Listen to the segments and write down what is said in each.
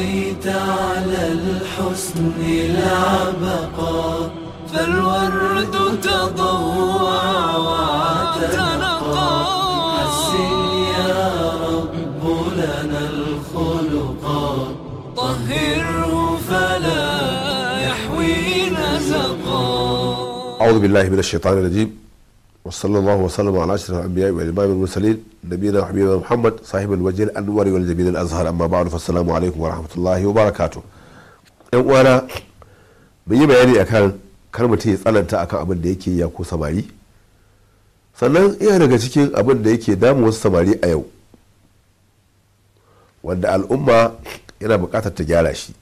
طويت على الحسن بقى فالورد تضوع وتنقى حسن يا رب لنا الخلقا طهره فلا يحوي نزقا أعوذ بالله من الشيطان الرجيم وصلى الله وسلم على muhammad الانبياء والامام المرسلين نبينا وحبيبنا محمد صاحب الوجه الانور والجبين الازهر اما بعد فالسلام عليكم ورحمه الله وبركاته yan uwana mun yi bayani akan kar ta yi tsananta akan abin da yake ya ko samari sannan iya daga cikin abin da yake damu wasu samari a yau wanda al'umma yana buƙatar ta gyara shi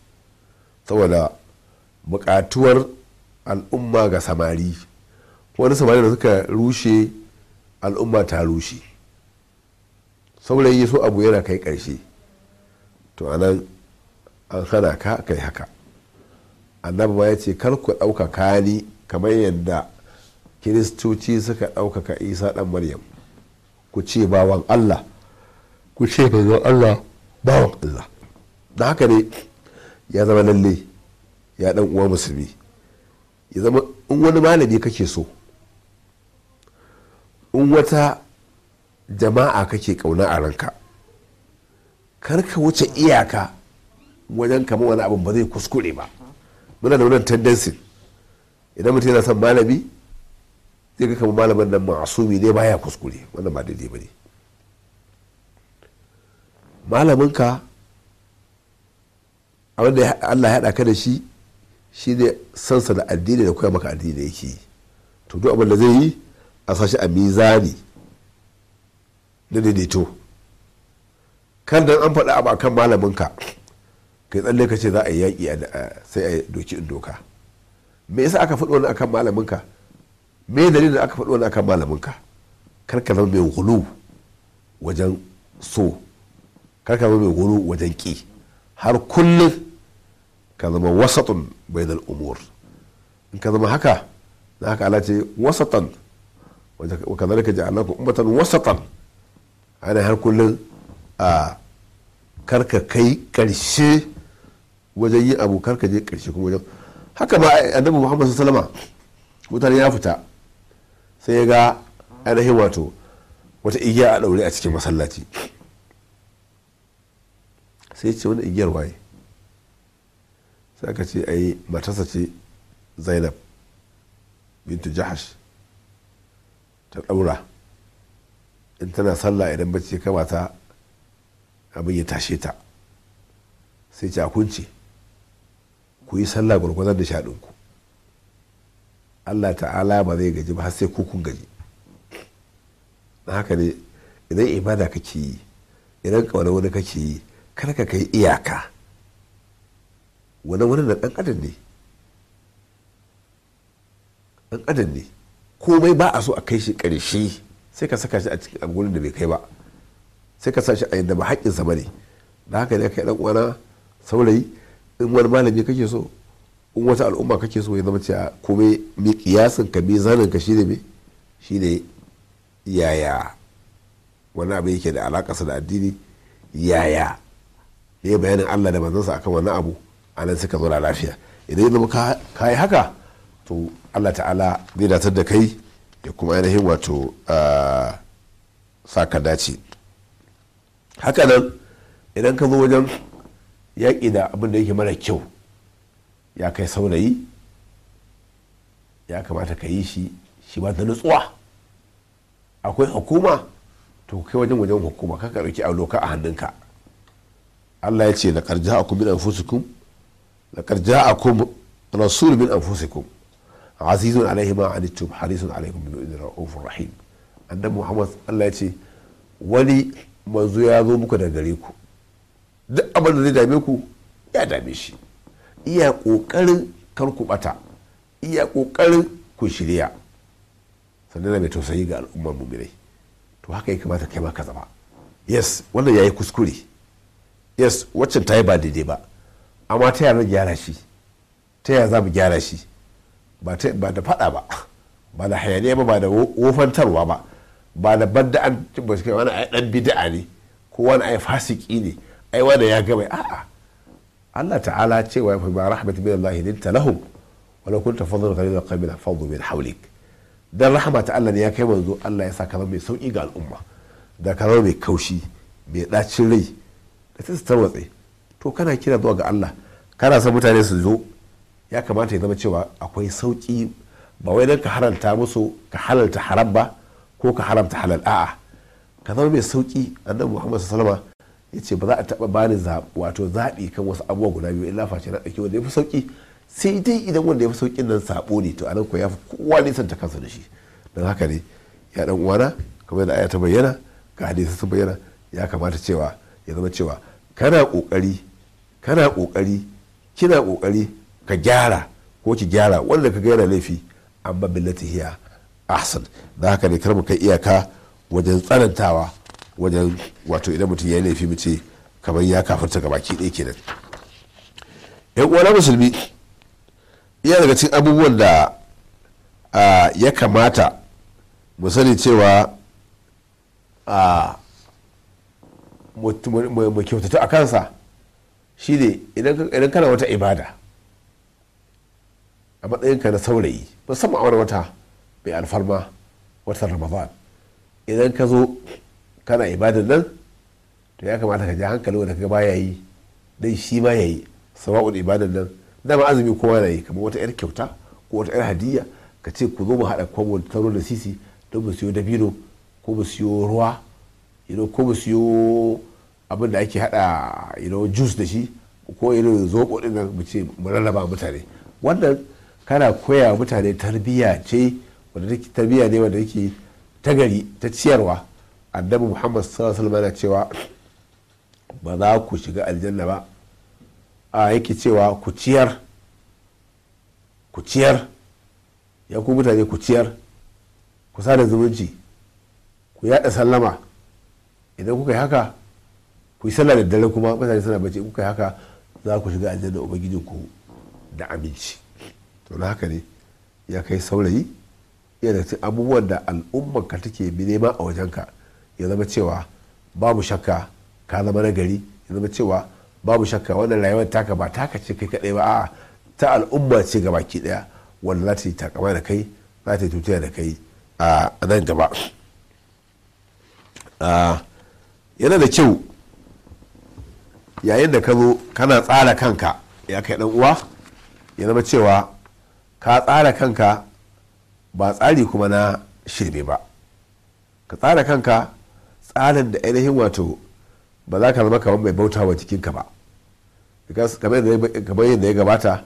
saboda buƙatuwar al'umma ga samari wani samari da suka rushe al'umma ta rushe saurayi so abu yana kai karshe to anan an hana ka kai haka annabi ma ya ce kar ku ɗaukaka ni kamar yadda kiristoci suka ɗaukaka isa ɗan maryam ku ce bawan allah ku ce bawan allah bawan allah da haka ne ya zama lalle ya ɗan uwa musulmi ya zama in wani malami kake so in wata jama'a kake kauna a ranka kar ka wuce iyaka wajen kama wani abin ba zai kuskure ba muna da wannan tendency idan mutum yana son malami zai ga kama malamin nan ma'asumi ne baya kuskure wannan ba daidai ba ne malaminka a wanda allah ya ka da shi shi ne sansa da addini da koya maka addini yake yi to duk abin da zai yi a sashi a mizani na daidaito kan dan an faɗa abu akan malaminka kai tsalle ka ce za a yi yaƙi sai a doki in doka me yasa aka faɗi wani akan malaminka me dalilin aka faɗi wani akan malaminka kar ka zama mai gulu wajen so karka zama mai gulu wajen ƙi har kullum ka zama wasatun bainal umur in ka zama haka za ka alace wasatan wa kadhalika ja'alnakum ummatan wasatan ana har kullun a karka kai karshe wajen yin abu karka je karshe kuma wajen haka ma annabi muhammad sallama mutane ya fita sai ya ga ainihin wato wata igiya a daure a cikin masallaci sai ce wani igiyar waye sai aka ce ai matarsa ce zainab bintu jihar. ta ɗaura in tana sallah idan bacci kamata abin ya tashe ta sai ce akunci ku yi sallah gwargwadon da shaɗinku allah ta'ala ba zai gaji ba har sai kun gaji na haka ne idan ibada kake yi idan ƙaunar wani kake yi kar ka kai iyaka wani wani na ɗan adam ne ɗan adam ne komai ba a so a kai shi ƙarshe sai ka saka shi a cikin gurin da bai kai ba sai ka sa shi a yadda ba haƙƙinsa ba ne da haka ne kai ɗan uwana saurayi in wani malami kake so in wata al'umma kake so ya zama cewa komai mi kiyasin ka mi zanin ka shine me shine yaya wani abu yake da sa da addini yaya ya bayanin Allah da manzansa akan wani abu a nan suka zo lafiya idan ya zama ka yi haka allah ta'ala zai datar da kai ya kuma ainihin wato sa ka dace Haka nan idan ka zo wajen yaƙi da abin da yake mara kyau ya kai saurayi ya kamata ka yi shi shi ba da nutsuwa akwai hukuma to kai wajen wajen hukuma ka ka a loka a hannunka allah ya ce laƙar ja'akum min anfusikum laƙar ja'akum rasul min anfusikum azizun alaihi ma anittum harisun alaikum bil mu'minina raufur rahim annabi muhammad Allah ya ce wani manzo ya zo muku da gare ku duk abin da zai dame ku ya dame shi iya kokarin kar ku bata iya kokarin ku shirya sannan mai tausayi ga al'ummar muminai to haka ya kamata kai ma ka zama yes wannan yayi kuskure yes waccan ta yi ba daidai ba amma ta yaya gyara shi ta yaya za mu gyara shi ba da fada ba ba da hayaniya ba ba da wofantarwa ba ba da da an ba suke wani ayi dan bida'a ne ko wani ai fasiki ne ai wani ya gaba a'a Allah ta'ala cewa ya fi ba rahmat min Allah linta lahum wani kunta fadlan ghaliz al fadu min hawlik dan rahmatu Allah ne ya kai manzo Allah ya sa kama mai sauki ga al'umma da kama mai kaushi mai dacin rai da ta tarwatse to kana kira zuwa ga Allah kana son mutane su zo ya kamata ya zama cewa akwai sauƙi ba wai don ka haranta musu ka halalta haram ba ko ka haramta halal a'a ka zama mai sauki annabi muhammad sallama ya ce ba za a taba bani wato zaɓi kan wasu abubuwa guda biyu illa face na ɗauki wanda ya fi sauki sai dai idan wanda ya fi saukin nan saɓo ne to anan ko ya fi kowa nisan ta kansa da shi don haka ne ya ɗan uwana kamar da aya ta bayyana ga hadisi sun bayyana ya kamata cewa ya zama cewa kana ƙoƙari kana ƙoƙari kina ƙoƙari. ka gyara ko ki gyara wanda ka gaira laifi amma billati hiya ahsan da haka ne kar mu kai iyaka wajen tsanantawa wajen wato idan mutum ya yi laifi mu kamar ya kafarta ga baki ɗaya kenan yan uwa musulmi iya daga cikin abubuwan da ya kamata mu sani cewa mu kyautata a kansa shi ne idan kana wata ibada a matsayinka na saurayi musamman a wani wata mai alfarma watan ramadan idan ka zo kana ibadan nan to ya kamata ka ji hankali wanda ka baya yi dan shi ma yayi sawa'un ibadan nan dama azumi kowa na yi kamar wata yar kyauta ko wata yar hadiyya ka ce ku zo mu haɗa kwabo taro da sisi don mu siyo dabino ko mu siyo ruwa ko mu siyo abin da ake haɗa juice da shi ko irin zoɓo ɗin nan mu ce mu rarraba mutane wannan kana koya mutane tarbiyya ce wadda take tarbiyya ne wadda take ta gari ta ciyarwa annabi muhammad sallallahu alaihi wasallam cewa ba za ku shiga aljanna ba a yake cewa ku ciyar ku ciyar ya ku mutane ku ciyar ku sada zumunci ku yada sallama idan kuka yi haka ku yi sallah da dare kuma mutane suna bace kuka yi haka za ku shiga aljanna ubangijinku da aminci to haka ne ya kai saurayi yana cin abubuwan da al'ummar ka take nema a wajen ka ya zama cewa babu shakka ka zama na gari ya zama cewa babu shakka wannan rayuwar taka ba taka ce kai kadai ba a ta al'umma ce ga baki daya wanda za ta yi takama da kai za ta yi tutuya da kai a nan gaba yana da kyau yayin da ka zo kana tsara kanka ya kai dan uwa ya zama cewa ka tsara kanka ba tsari kuma na shirme ba ka tsara kanka tsarin da ainihin wato ba za ka zama kamar mai bauta wa jikinka ba kamar yadda ya gabata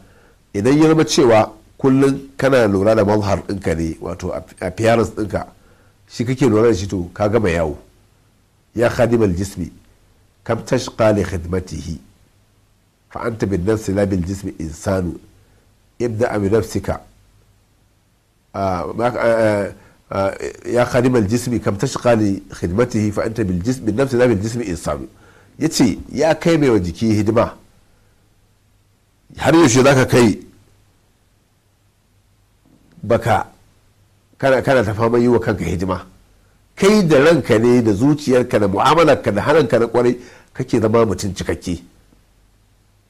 idan ya zama cewa kullum kana lura da mazhar ɗinka ne wato a appearance ɗinka shi kake lura da shi to ka gama yawo ya khadimal jismi kam tashqa li khidmatihi fa anta bin nafsi la bil jismi insanu ibda bi nafsika ya khadim al-jismi kam tashqa li khidmatihi fa anta bil jismi nafsi la bil jismi insan yace ya kai mai wa jiki hidima har yaushe zaka kai baka kana kana ta fama yi wa kanka hidima kai da ranka ne da zuciyarka da mu'amalarka da haranka na kwarai kake zama mutum cikakke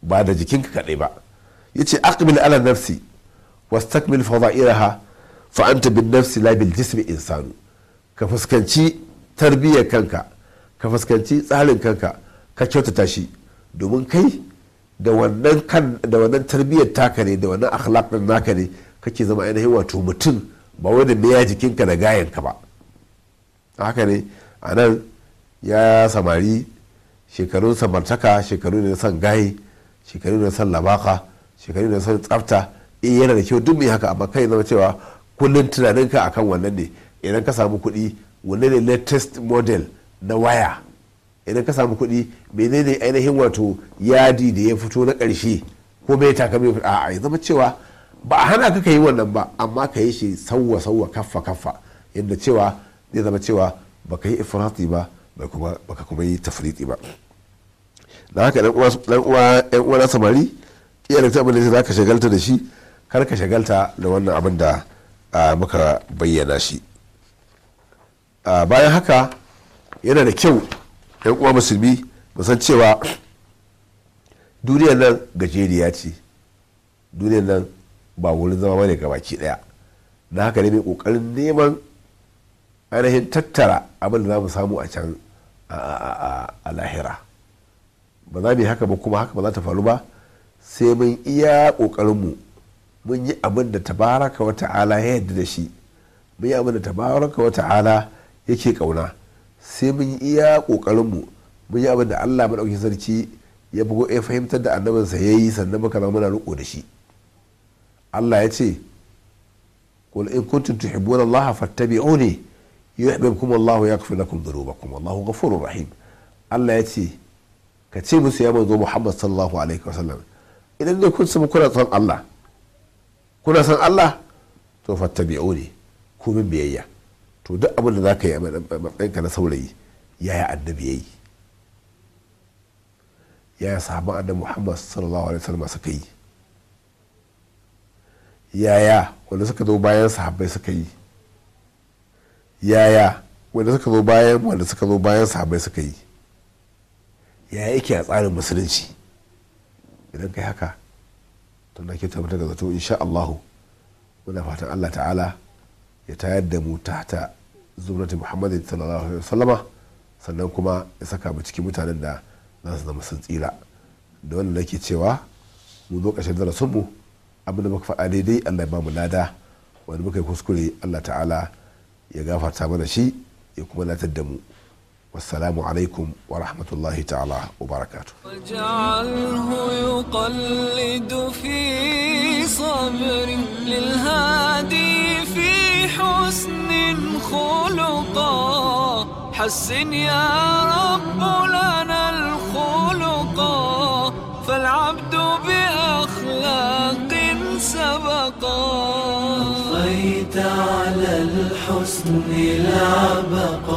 ba da jikinka kaɗai ba yace aqbil ala nafsi wastakmil fada'iraha fa anta bin nafsi la bil jismi insanu ka fuskanci tarbiyyar kanka ka fuskanci tsarin kanka ka kyautata shi domin kai da wannan tarbiyyar taka ne da wannan akhlaq din naka ne kake zama ainihin wato mutum ba wai da meya jikinka da gayanka ba haka ne a nan ya samari shekarun samartaka shekaru ne na san gaye shekaru ne na san labaka shekaru da sun tsafta eh yana da kyau duk mai haka amma kai zama cewa kullum tunaninka akan wannan ne idan ka samu kuɗi wanne ne latest model na waya idan ka samu kuɗi menene ainihin wato yadi da ya fito na ƙarshe ko mai takamai a ya zama cewa ba a hana ka ka yi wannan ba amma ka yi shi sauwa sauwa kaffa kaffa yadda cewa zai zama cewa ba ka yi ifirati ba ka kuma yi tafriti ba na haka ɗan uwa na samari iya da tabbali za ka shagalta da shi kar ka shagalta da wannan abin da muka bayyana shi bayan haka yana da kyau yan uwa musulmi musan cewa duniyar nan gajeriya ce duniyar nan ba wurin zama bane ga baki daya na haka ne mai kokarin neman ainihin tattara abin da za mu samu a can a lahira ba za mu yi haka ba kuma haka ba za ta faru ba sai mun iya ƙoƙarinmu mun yi abin da tabaraka wa ta'ala ya yadda da shi mun yi abin da tabaraka wa ta'ala yake ƙauna sai mun yi iya ƙoƙarinmu mun yi abin da allah maɗauki sarki ya bugo ya fahimtar da annabinsa ya yi sannan muka zama muna riƙo da shi allah ya ce قل إن كنتم تحبون الله فاتبعوني يحببكم الله يغفر لكم ذنوبكم والله غفور رحيم الله يتي كتي مسيا منذ محمد صلى الله عليه وسلم idan dai kun samu kuna son Allah kuna son Allah to fattabi'u ne ku min biyayya to duk abin da za ka yi a matsayinka na saurayi yaya annabi ya yi yaya sahaban annabi muhammad sallallahu alaihi wasallam suka yi yaya wanda suka zo bayan sahabbai suka yi yaya wanda suka zo bayan wanda suka zo bayan sahabbai suka yi yaya yake a tsarin musulunci idan kai haka to na ke tabbatar da zato insha allahu muna fatan Allah ta'ala ya tayar da mu ta zumrati Muhammad sallallahu alaihi wasallam sannan kuma ya saka mu cikin mutanen da za su zama sun tsira da wannan nake cewa mu zo ƙarshen darasin mu abin da muka faɗa daidai Allah ya ba mu lada wani muka yi kuskure Allah ta'ala ya gafarta mana shi ya kuma latar da mu wassalamu alaikum wa rahmatullahi ta'ala wa barakatu أقلد في صبر للهادي في حسن خلقا حسن يا رب لنا الخلقا فالعبد بأخلاق سبقا أطفيت على الحسن العبقا